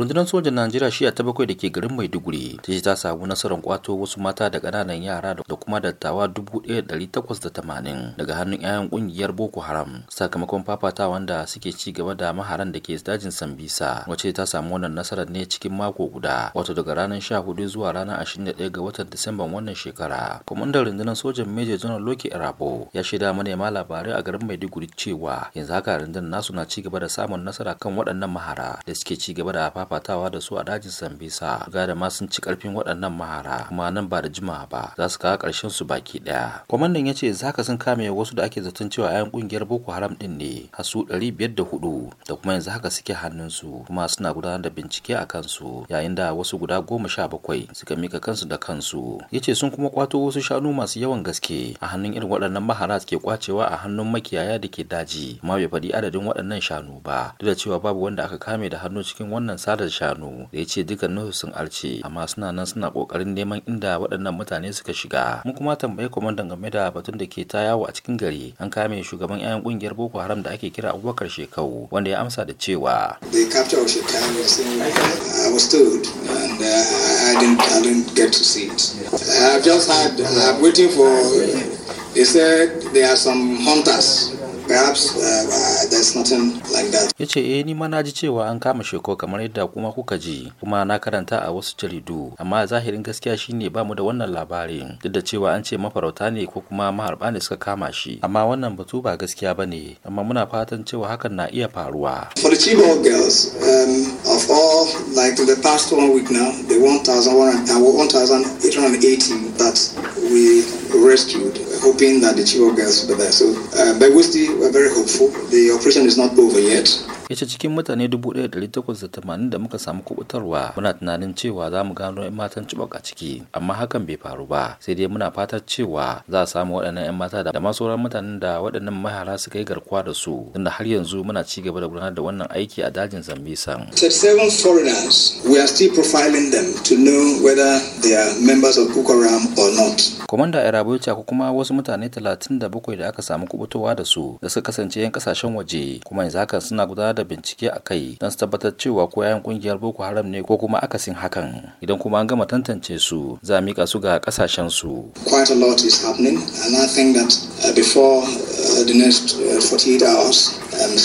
rundunar sojan najeriya shiya ta bakwai da ke garin maiduguri ta ce ta samu nasarar kwato wasu mata da ƙananan yara da kuma dattawa dubu ɗaya da takwas da tamanin daga hannun 'ya'yan ƙungiyar boko haram sakamakon fafatawa da suke ci gaba da maharan da ke dajin sambisa wacce ta samu wannan nasarar ne cikin mako guda wato daga ranar sha hudu zuwa ranar ashirin da ɗaya ga watan disamban wannan shekara kwamandan rundunar sojan major general loke irabo ya shaida manema labarai a garin maiduguri cewa yanzu haka rundunar nasu na ci gaba da samun nasara kan waɗannan mahara da suke ci gaba da fafatawa da su a dajin Sambisa ga da ma sun ci karfin waɗannan mahara kuma nan ba da jimawa ba za su kawo ƙarshen su baki ɗaya. Kwamandan ya ce zaka sun kame wasu da ake zaton cewa 'yan ƙungiyar Boko Haram ɗin ne har su ɗari biyar da hudu da kuma yanzu haka suke hannunsu kuma suna gudanar da bincike a kansu yayin da wasu guda goma sha bakwai suka mika kansu da kansu. Ya ce sun kuma kwato wasu shanu masu yawan gaske a hannun irin waɗannan mahara suke kwacewa a hannun makiyaya da ke daji kuma bai faɗi adadin waɗannan shanu ba duk da cewa babu wanda aka kame da hannu cikin wannan sada da shanu da ya ce dukkanin sun arce amma suna nan suna kokarin neman inda waɗannan mutane suka shiga mun kuma tambayi kwamandan game da batun da ke ta yawo a cikin gari an kame shugaban 'ya'yan kungiyar boko haram da ake kira abubakar shekau wanda ya amsa da cewa the they said there are some hunters Perhaps uh, uh, there's nothing like that. Ya ce, eh ni ma na ji cewa an kama sheko kamar yadda kuma kuka ji, kuma na karanta a wasu jaridu, amma zahirin gaskiya shine ba mu da wannan labarin, duk da cewa an ce mafarauta ne ko kuma maharba ne suka kama shi, amma wannan batu ba gaskiya ba ne, amma muna fatan cewa hakan na iya faruwa. For the Chibok girls, um, of all, like the past one week now, the 1,880 uh, that we rescued, hoping that the chief girls will be there. So uh, by we're very hopeful. The operation is not over yet. ya ce cikin mutane 1880 da muka samu kubutarwa muna tunanin cewa za mu gano 'yan matan cibok a ciki amma hakan bai faru ba sai dai muna fatar cewa za a samu waɗannan 'yan mata da masu sauran mutanen da waɗannan mahara suka yi garkuwa da su tunda har yanzu muna ci gaba da gudanar da wannan aiki a dajin zambisan. seven foreigners we are still profiling them to know whether they are members of Boko or not. Komanda ko kuma wasu mutane 37 da aka samu kubutowa da su da suka kasance 'yan kasashen waje kuma yanzu haka suna gudanar da bincike a kai don tabbatar cewa ko yayan kungiyar boko haram ne ko kuma akasin hakan idan kuma an gama tantance su za a mika su ga kasashen su quite a lot is happening and i think that uh, before uh, the next 48 uh, hours and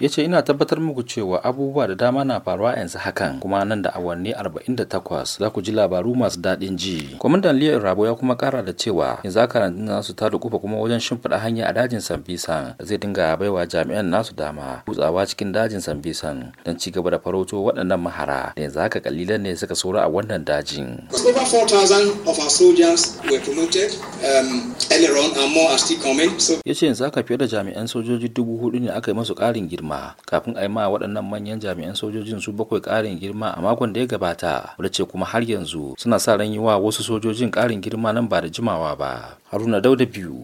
Ya ce ina tabbatar muku cewa abubuwa da dama na faruwa yanzu hakan kuma nan da awanni 48 za ku ji labaru masu daɗin ji. Kwamandan Liyar Rabo ya kuma kara da cewa yanzu haka nan nasu ta dukufa kuma wajen shimfiɗa hanya a dajin Sambisan da zai dinga baiwa jami'an nasu dama kutsawa cikin dajin Sambisan don ci gaba da faroto waɗannan mahara da yanzu haka kalilan ne suka saura a wannan dajin. Over 4,000 of our soldiers were promoted um, earlier on and more are still coming. Ya ce yanzu haka fiye da jami'an sojoji dubu hudu ne aka yi masu ƙarin girma kafin a yi ma waɗannan manyan jami'an sojojin su bakwai karin girma a makon da ya gabata wadda ce kuma har yanzu suna sa ran yi wa wasu sojojin ƙarin girma nan ba da jimawa ba haruna dauda biyu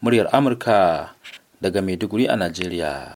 muryar amurka daga maiduguri a najeriya